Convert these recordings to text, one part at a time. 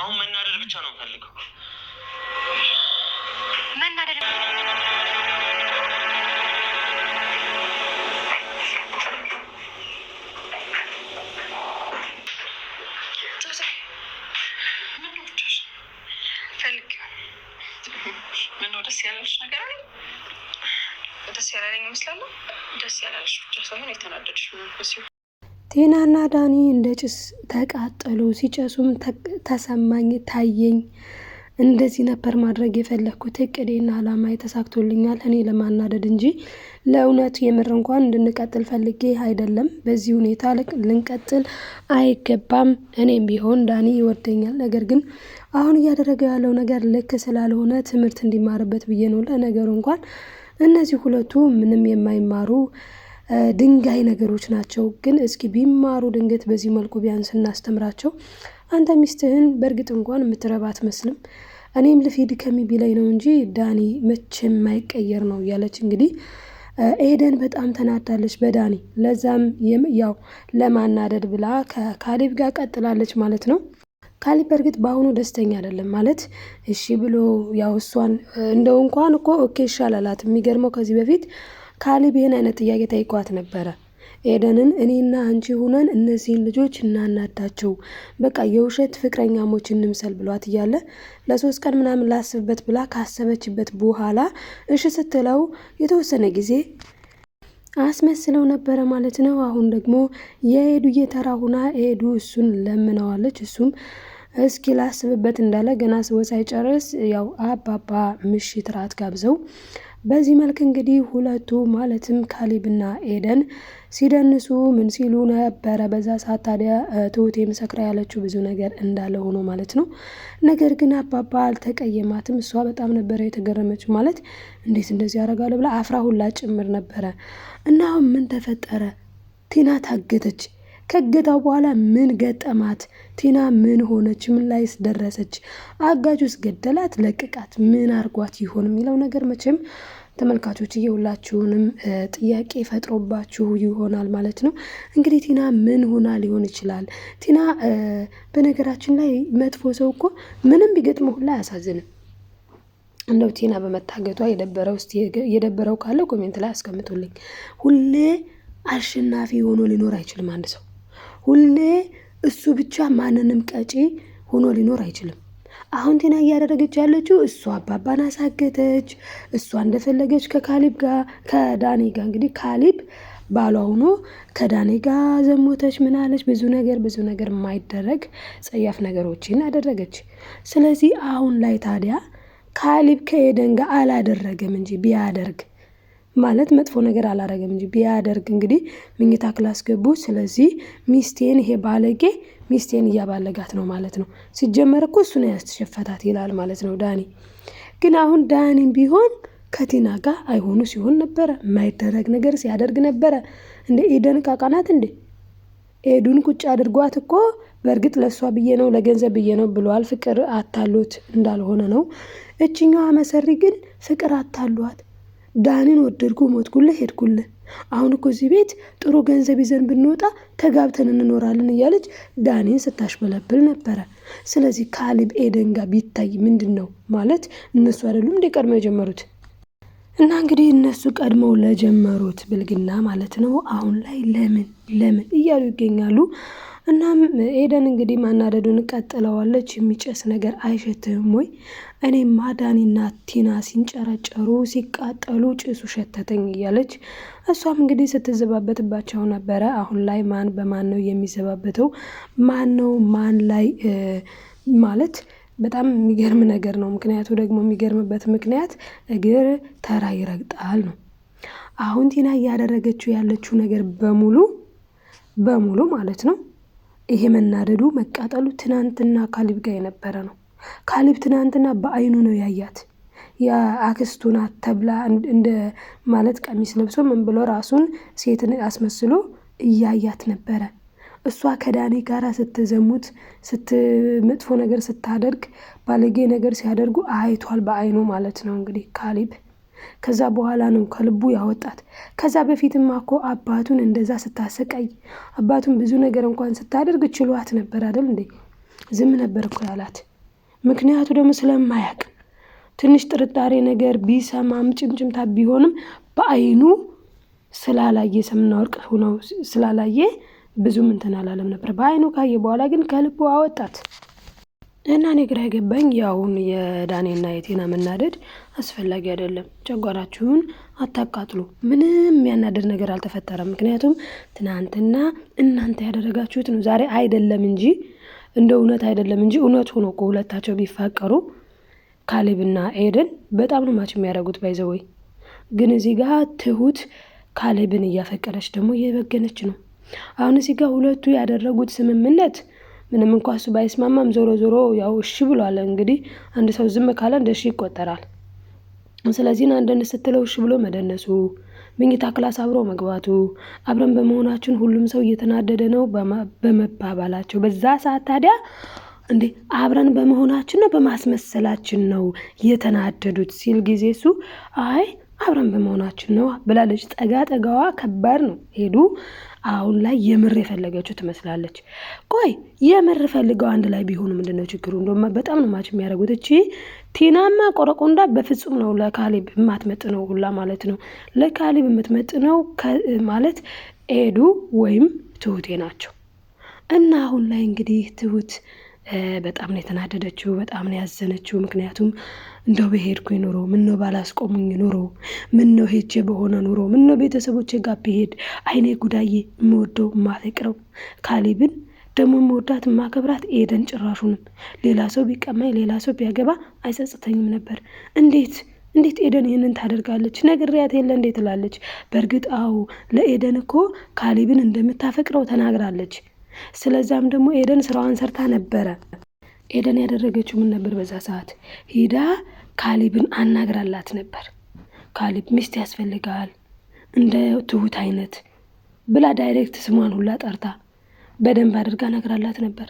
አሁን መናደድ ብቻ ነው ፈልገው መናደድ ደስ ያላለኝ ይመስላል። ደስ ያላለች ብቻ ሳይሆን የተናደደች ሲሆን ቴናና ዳኒ እንደ ጭስ ተቃጠሉ። ሲጨሱም ተሰማኝ ታየኝ። እንደዚህ ነበር ማድረግ የፈለግኩት። እቅዴና ዓላማ የተሳክቶልኛል። እኔ ለማናደድ እንጂ ለእውነቱ የምር እንኳን እንድንቀጥል ፈልጌ አይደለም። በዚህ ሁኔታ ልንቀጥል አይገባም። እኔም ቢሆን ዳኒ ይወደኛል። ነገር ግን አሁን እያደረገ ያለው ነገር ልክ ስላልሆነ ትምህርት እንዲማርበት ብዬ ነው። ለነገሩ እንኳን እነዚህ ሁለቱ ምንም የማይማሩ ድንጋይ ነገሮች ናቸው። ግን እስኪ ቢማሩ ድንገት በዚህ መልኩ ቢያንስ እናስተምራቸው። አንተ ሚስትህን በእርግጥ እንኳን የምትረባ አትመስልም። እኔም ልፊድ ከሚቢላይ ነው እንጂ ዳኒ መቼም የማይቀየር ነው እያለች እንግዲህ ኤደን በጣም ተናዳለች በዳኒ። ለዛም ያው ለማናደድ ብላ ከካሌብ ጋር ቀጥላለች ማለት ነው። ካሌብ በእርግጥ በአሁኑ ደስተኛ አይደለም ማለት እሺ ብሎ ያው እሷን እንደው እንኳን እኮ ኦኬ ይሻላላት። የሚገርመው ከዚህ በፊት ካሊብ ይህን አይነት ጥያቄ ጠይቋት ነበረ። ኤደንን እኔና አንቺ ሁነን እነዚህን ልጆች እናናዳቸው፣ በቃ የውሸት ፍቅረኛሞች እንምሰል ብሏት እያለ ለሶስት ቀን ምናምን ላስብበት ብላ ካሰበችበት በኋላ እሺ ስትለው የተወሰነ ጊዜ አስመስለው ነበረ ማለት ነው። አሁን ደግሞ የኤዱዬ እየተራ ሁና ኤዱ እሱን ለምነዋለች። እሱም እስኪ ላስብበት እንዳለ ገና ስወሳይ ጨርስ ያው አባባ ምሽት ራት ጋብዘው በዚህ መልክ እንግዲህ ሁለቱ ማለትም ካሊብና ኤደን ሲደንሱ ምን ሲሉ ነበረ። በዛ ሰዓት ታዲያ ትሁቴ መሰክራ ያለችው ብዙ ነገር እንዳለ ሆኖ ማለት ነው። ነገር ግን አባባ አልተቀየማትም። እሷ በጣም ነበረ የተገረመችው። ማለት እንዴት እንደዚህ ያደርጋሉ ብላ አፍራ ሁላ ጭምር ነበረ። እና አሁን ምን ተፈጠረ? ቲና ታገተች። ከእገታው በኋላ ምን ገጠማት? ቲና ምን ሆነች? ምን ላይስ ደረሰች? አጋጁስ ገደላት? ለቅቃት? ምን አርጓት ይሆን የሚለው ነገር መቼም ተመልካቾች የሁላችሁንም ጥያቄ ፈጥሮባችሁ ይሆናል ማለት ነው። እንግዲህ ቲና ምን ሆና ሊሆን ይችላል? ቲና በነገራችን ላይ መጥፎ ሰው እኮ ምንም ቢገጥመው ሁላ አያሳዝንም። እንደው ቲና በመታገቷ የደበረው እስኪ የደበረው ካለው ኮሜንት ላይ አስቀምጡልኝ። ሁሌ አሸናፊ ሆኖ ሊኖር አይችልም አንድ ሰው ሁሌ እሱ ብቻ ማንንም ቀጪ ሆኖ ሊኖር አይችልም። አሁን ቴና እያደረገች ያለችው እሷ አባባን አሳገተች። እሷ እንደፈለገች ከካሊብ ጋር ከዳኔ ጋር እንግዲህ ካሊብ ባሏ ሆኖ ከዳኔ ጋር ዘሞተች፣ ምናለች ብዙ ነገር ብዙ ነገር የማይደረግ ጸያፍ ነገሮችን አደረገች። ስለዚህ አሁን ላይ ታዲያ ካሊብ ከኤደን ጋር አላደረገም እንጂ ቢያደርግ ማለት መጥፎ ነገር አላረገም እንጂ ቢያደርግ እንግዲህ ምኝታ ክላስ ገቡ። ስለዚህ ሚስቴን ይሄ ባለጌ ሚስቴን እያባለጋት ነው ማለት ነው። ሲጀመር እኮ እሱ ነው ይላል ማለት ነው ዳኒ። ግን አሁን ዳኒ ቢሆን ከቲና ጋር አይሆኑ ሲሆን ነበረ፣ የማይደረግ ነገር ሲያደርግ ነበረ። እንደ ኤደን ቃቃናት እንዴ ኤዱን ቁጭ አድርጓት እኮ በእርግጥ ለእሷ ብዬ ነው ለገንዘብ ብዬ ነው ብለዋል። ፍቅር አታሎት እንዳልሆነ ነው። እችኛዋ መሰሪ ግን ፍቅር አታሏት ዳኒን ወደድኩ ሞትኩልህ ሄድኩልህ አሁን እኮ እዚህ ቤት ጥሩ ገንዘብ ይዘን ብንወጣ ተጋብተን እንኖራለን እያለች ዳኒን ስታሽበለብል ነበረ። ስለዚህ ካሌብ ኤደን ጋር ቢታይ ምንድን ነው ማለት እነሱ አይደሉም እንደ ቀድሞ የጀመሩት እና እንግዲህ እነሱ ቀድመው ለጀመሩት ብልግና ማለት ነው አሁን ላይ ለምን ለምን እያሉ ይገኛሉ። እናም ኤደን እንግዲህ ማናደዱን ቀጥለዋለች። የሚጨስ ነገር አይሸትህም ወይ? እኔ ማዳኒና ቲና ሲንጨረጨሩ ሲቃጠሉ ጭሱ ሸተተኝ እያለች እሷም እንግዲህ ስትዘባበትባቸው ነበረ። አሁን ላይ ማን በማን ነው የሚዘባበተው? ማን ነው ማን ላይ ማለት በጣም የሚገርም ነገር ነው። ምክንያቱ ደግሞ የሚገርምበት ምክንያት እግር ተራ ይረግጣል ነው። አሁን ቲና እያደረገችው ያለችው ነገር በሙሉ በሙሉ ማለት ነው ይሄ መናደዱ መቃጠሉ ትናንትና ካሊብ ጋር የነበረ ነው። ካሊብ ትናንትና በአይኑ ነው ያያት። የአክስቱ ናት ተብላ እንደ ማለት ቀሚስ ለብሶ ምን ብሎ ራሱን ሴትን አስመስሎ እያያት ነበረ። እሷ ከዳኔ ጋር ስትዘሙት ስትመጥፎ ነገር ስታደርግ ባለጌ ነገር ሲያደርጉ አይቷል፣ በአይኑ ማለት ነው እንግዲህ ካሊብ ከዛ በኋላ ነው ከልቡ ያወጣት። ከዛ በፊትማ እኮ አባቱን እንደዛ ስታሰቃይ አባቱን ብዙ ነገር እንኳን ስታደርግ ችሏት ነበር አይደል እንዴ? ዝም ነበር እኮ ያላት። ምክንያቱ ደግሞ ስለማያቅ ትንሽ ጥርጣሬ ነገር ቢሰማም ጭምጭምታ ቢሆንም በአይኑ ስላላየ ሰምና ወርቅ ሆነው ስላላየ ብዙም እንትን አላለም ነበር። በአይኑ ካየ በኋላ ግን ከልቡ አወጣት። እና እኔ ግራ የገባኝ ያውን የዳኔና የቴና መናደድ አስፈላጊ አይደለም፣ ጨጓራችሁን አታቃጥሉ። ምንም ያናደድ ነገር አልተፈጠረም። ምክንያቱም ትናንትና እናንተ ያደረጋችሁት ነው። ዛሬ አይደለም እንጂ እንደ እውነት አይደለም እንጂ እውነት ሆኖ እኮ ሁለታቸው ቢፋቀሩ ካሌብና ኤደን በጣም ነው ማች የሚያደርጉት። ባይዘወይ ግን እዚህ ጋር ትሁት ካሌብን እያፈቀረች ደግሞ እየበገነች ነው። አሁን እዚህ ጋር ሁለቱ ያደረጉት ስምምነት ምንም እንኳ እሱ ባይስማማም ዞሮ ዞሮ ያው እሺ ብሏል። እንግዲህ አንድ ሰው ዝም ካለ እንደ እሺ ይቆጠራል። ስለዚህ ና ስትለው እሺ ብሎ መደነሱ፣ ምኝታ ክላስ አብሮ መግባቱ፣ አብረን በመሆናችን ሁሉም ሰው እየተናደደ ነው በመባባላቸው በዛ ሰዓት ታዲያ እንዴ አብረን በመሆናችን ነው በማስመሰላችን ነው የተናደዱት ሲል ጊዜ እሱ አይ አብረን በመሆናችን ነው ብላለች። ጠጋ ጠጋዋ ከባድ ነው ሄዱ። አሁን ላይ የምር የፈለገችው ትመስላለች። ቆይ የምር ፈልገው አንድ ላይ ቢሆኑ ምንድነው ችግሩ? እንደውም በጣም ነው ማች የሚያደርጉት። እቺ ቲናማ ቆረቆንዳ በፍጹም ነው ለካሌብ የማትመጥነው ሁላ ማለት ነው። ለካሌብ የምትመጥነው ማለት ኤዱ ወይም ትሁቴ ናቸው። እና አሁን ላይ እንግዲህ ትሁት በጣም ነው የተናደደችው፣ በጣም ነው ያዘነችው። ምክንያቱም እንደው በሄድኩኝ ኑሮ ነው ባላስቆሙኝ ኑሮ፣ ነው ሄጄ በሆነ ኑሮ፣ ምነው ቤተሰቦቼ ጋር ብሄድ። አይኔ ጉዳዬ የምወደው የማፈቅረው ካሌብን ደግሞ መወዳት ማከብራት ኤደን ጭራሹንም ሌላ ሰው ቢቀማኝ ሌላ ሰው ቢያገባ አይጸጽተኝም ነበር። እንዴት እንዴት ኤደን ይህንን ታደርጋለች? ነግሬያት የለ እንዴት ትላለች። በእርግጥ አዎ ለኤደን እኮ ካሌብን እንደምታፈቅረው ተናግራለች። ስለዛም ደግሞ ኤደን ስራዋን ሰርታ ነበረ። ኤደን ያደረገችው ምን ነበር? በዛ ሰዓት ሂዳ ካሊብን አናግራላት ነበር። ካሊብ ሚስት ያስፈልጋል እንደ ትሁት አይነት ብላ ዳይሬክት ስሟን ሁላ ጠርታ በደንብ አድርጋ ነግራላት ነበር።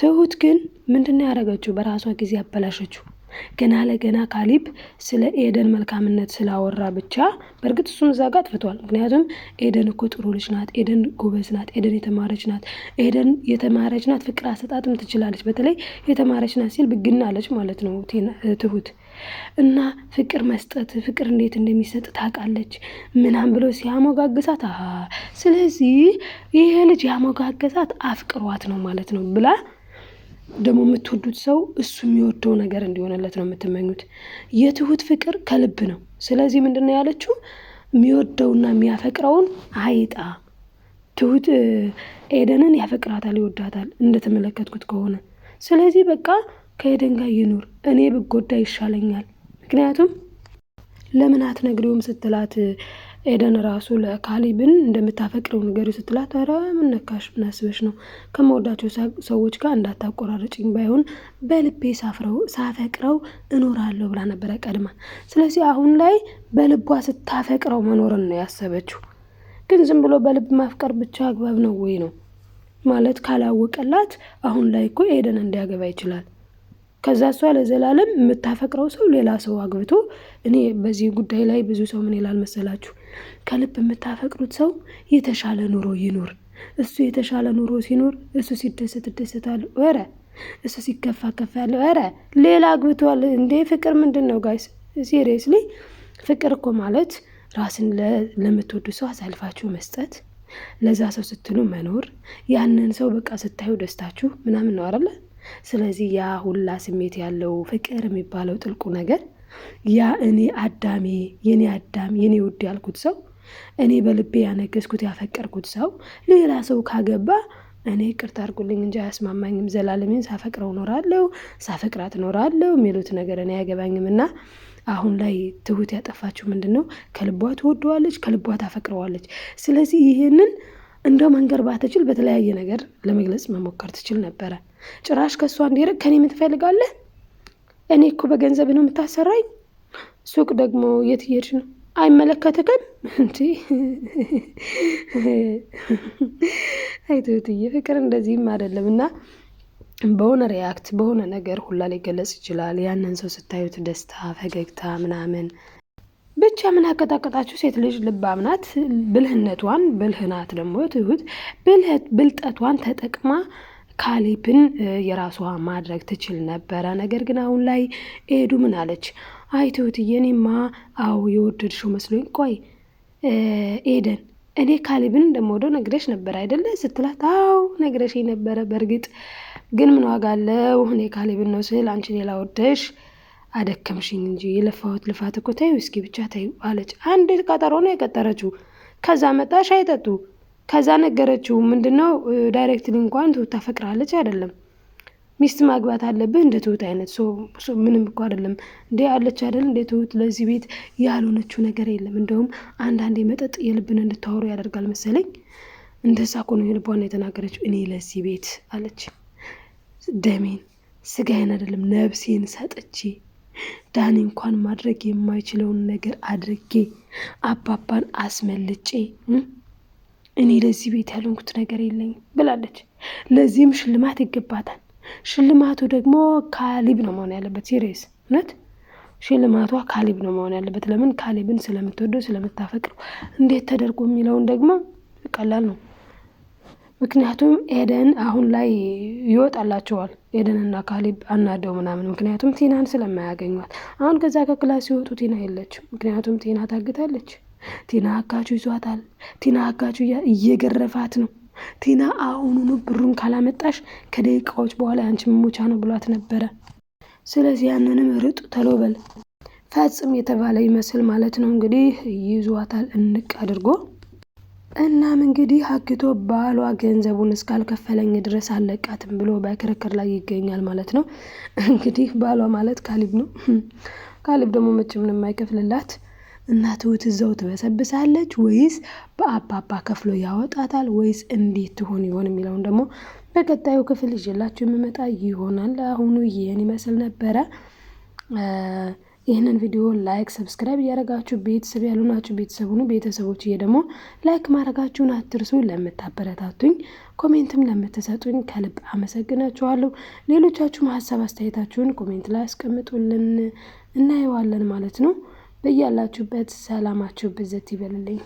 ትሁት ግን ምንድን ነው ያደረገችው? በራሷ ጊዜ አበላሸችው። ገና ለገና ካሊብ ስለ ኤደን መልካምነት ስላወራ ብቻ በእርግጥ እሱም እዛ ጋ አጥፍቷል። ምክንያቱም ኤደን እኮ ጥሩ ልጅ ናት፣ ኤደን ጎበዝ ናት፣ ኤደን የተማረች ናት፣ ኤደን የተማረች ናት፣ ፍቅር አሰጣጥም ትችላለች። በተለይ የተማረች ናት ሲል ብግና አለች ማለት ነው ትሁት እና ፍቅር መስጠት ፍቅር እንዴት እንደሚሰጥ ታውቃለች ምናም ብሎ ሲያሞጋግሳት፣ ስለዚህ ይሄ ልጅ ያሞጋገሳት አፍቅሯት ነው ማለት ነው ብላ ደግሞ የምትወዱት ሰው እሱ የሚወደው ነገር እንዲሆነለት ነው የምትመኙት። የትሁት ፍቅር ከልብ ነው። ስለዚህ ምንድን ነው ያለችው? የሚወደውና የሚያፈቅረውን አይጣ። ትሁት ኤደንን ያፈቅራታል፣ ይወዳታል እንደተመለከትኩት ከሆነ ስለዚህ በቃ ከኤደን ጋር ይኑር፣ እኔ ብጎዳ ይሻለኛል። ምክንያቱም ለምን አትነግሪውም ስትላት ኤደን ራሱ ለካሊብን እንደምታፈቅረው ነገር ስትላት ኧረ ምን ነካሽ ምን አስበሽ ነው ከመወዳቸው ሰዎች ጋር እንዳታቆራረጭኝ ባይሆን በልቤ ሳፍረው ሳፈቅረው እኖራለሁ ብላ ነበረ ቀድማ። ስለዚህ አሁን ላይ በልቧ ስታፈቅረው መኖርን ነው ያሰበችው። ግን ዝም ብሎ በልብ ማፍቀር ብቻ አግባብ ነው ወይ ነው ማለት ካላወቀላት አሁን ላይ እኮ ኤደን እንዲያገባ ይችላል። ከዛ እሷ ለዘላለም የምታፈቅረው ሰው ሌላ ሰው አግብቶ እኔ በዚህ ጉዳይ ላይ ብዙ ሰው ምን ይላል መሰላችሁ? ከልብ የምታፈቅሩት ሰው የተሻለ ኑሮ ይኖር። እሱ የተሻለ ኑሮ ሲኖር እሱ ሲደሰት ደሰታል፣ ኧረ እሱ ሲከፋ ከፋ ያለ ኧረ ሌላ አግብቷል እንዴ! ፍቅር ምንድን ነው ጋይስ? ሲሪየስሊ ፍቅር እኮ ማለት ራስን ለምትወዱ ሰው አሳልፋችሁ መስጠት ለዛ ሰው ስትሉ መኖር ያንን ሰው በቃ ስታዩ ደስታችሁ ምናምን ነው አይደለ? ስለዚህ ያ ሁላ ስሜት ያለው ፍቅር የሚባለው ጥልቁ ነገር ያ እኔ አዳሜ የኔ አዳም የኔ ውድ ያልኩት ሰው እኔ በልቤ ያነገስኩት ያፈቀርኩት ሰው ሌላ ሰው ካገባ እኔ ቅርት አድርጉልኝ እንጂ አያስማማኝም። ዘላለሜን ሳፈቅረው እኖራለሁ ሳፈቅራት እኖራለሁ የሚሉት ነገር እኔ አያገባኝም። እና አሁን ላይ ትሁት ያጠፋችው ምንድን ነው? ከልቧ ትወደዋለች፣ ከልቧ ታፈቅረዋለች። ስለዚህ ይህንን እንደው መንገር ባትችል በተለያየ ነገር ለመግለጽ መሞከር ትችል ነበረ። ጭራሽ ከእሷ እንዲርቅ ከኔ የምትፈልጋለህ? እኔ እኮ በገንዘብ ነው የምታሰራኝ። ሱቅ ደግሞ የት እየሄድሽ ነው? አይመለከትክም እንዲ አይቶትዬ ፍቅር እንደዚህም አይደለም እና በሆነ ሪያክት በሆነ ነገር ሁላ ሊገለጽ ይችላል። ያንን ሰው ስታዩት ደስታ፣ ፈገግታ ምናምን ብቻ ምን አቀጣቀጣችሁ? ሴት ልጅ ልባም ናት። ብልህነቷን ብልህናት ደግሞ ትሁት ብልጠቷን ተጠቅማ ካሌብን የራሷ ማድረግ ትችል ነበረ። ነገር ግን አሁን ላይ ኤዱ ምን አለች? አይ ትሁትዬ፣ እኔማ አዎ የወደድሽው መስሎኝ። ቆይ ኤደን እኔ ካሌብን እንደምወደው ነግረሽ ነበር አይደለ? ስትላት አዎ ነግረሽ ነበረ። በእርግጥ ግን ምን ዋጋ አለው? እኔ ካሌብን ነው ስል አንቺ ሌላ ወደሽ አደከምሽኝ እንጂ የለፋሁት ልፋት እኮ ተዩ እስኪ ብቻ ተዩ አለች። አንድ ቀጠሮ ነው የቀጠረችው። ከዛ መጣሽ አይጠጡ ከዛ ነገረችው ምንድነው ዳይሬክትሊ እንኳን ትሁት ታፈቅራለች አይደለም ሚስት ማግባት አለብህ እንደ ትሁት አይነት ምንም እኮ አይደለም እንደ አለች አይደል እንደ ትሁት ለዚህ ቤት ያልሆነችው ነገር የለም። እንደውም አንዳንዴ መጠጥ የልብን እንድታወሩ ያደርጋል መሰለኝ። እንደዛ እኮ ነው የልቧን የተናገረችው። እኔ ለዚህ ቤት አለች ደሜን ስጋዬን አይደለም ነብሴን ሰጥቼ ዳኒ እንኳን ማድረግ የማይችለውን ነገር አድርጌ አባባን አስመልጬ እኔ ለዚህ ቤት ያለንኩት ነገር የለኝ ብላለች። ለዚህም ሽልማት ይገባታል። ሽልማቱ ደግሞ ካሊብ ነው መሆን ያለበት። ሲሪየስ እውነት ሽልማቷ ካሊብ ነው መሆን ያለበት። ለምን ካሊብን ስለምትወደው ስለምታፈቅረው። እንዴት ተደርጎ የሚለውን ደግሞ ቀላል ነው። ምክንያቱም ኤደን አሁን ላይ ይወጣላቸዋል። እና ካሊብ አናደው ምናምን ምክንያቱም ቲናን ስለማያገኟት አሁን ከዛ ከክላስ ሲወጡ ቲና የለች። ምክንያቱም ቲና ታግታለች። ቲና አጋቹ ይዟታል። ቲና አጋቹ እየገረፋት ነው። ቲና አሁኑኑ ብሩን ካላመጣሽ ከደቂቃዎች በኋላ ያንቺ መሞቻ ነው ብሏት ነበረ። ስለዚህ ያንንም ርጡ ተሎበል ፈጽም የተባለ ይመስል ማለት ነው እንግዲህ ይዟታል እንቅ አድርጎ እናም እንግዲህ አግቶ ባሏ ገንዘቡን እስካልከፈለኝ ድረስ አለቃትም ብሎ በክርክር ላይ ይገኛል ማለት ነው። እንግዲህ ባሏ ማለት ካሊብ ነው። ካሊብ ደግሞ መቼ ምንም አይከፍልላት እና ትሁት እዛው ትበሰብሳለች ወይስ በአባባ ከፍሎ ያወጣታል ወይስ እንዴት ትሆን ይሆን የሚለውን ደግሞ በቀጣዩ ክፍል ይዤላችሁ የምመጣ ይሆናል። አሁኑ ይህን ይመስል ነበረ። ይህንን ቪዲዮ ላይክ፣ ሰብስክራይብ እያደረጋችሁ ቤተሰብ ያልሆናችሁ ቤተሰብ ሁኑ። ቤተሰቦች እየ ደግሞ ላይክ ማድረጋችሁን አትርሱ። ለምታበረታቱኝ ኮሜንትም ለምትሰጡኝ ከልብ አመሰግናችኋለሁ። ሌሎቻችሁም ሀሳብ አስተያየታችሁን ኮሜንት ላይ አስቀምጡልን፣ እናየዋለን ማለት ነው። በያላችሁበት ሰላማችሁ ብዘት ይበልልኝ።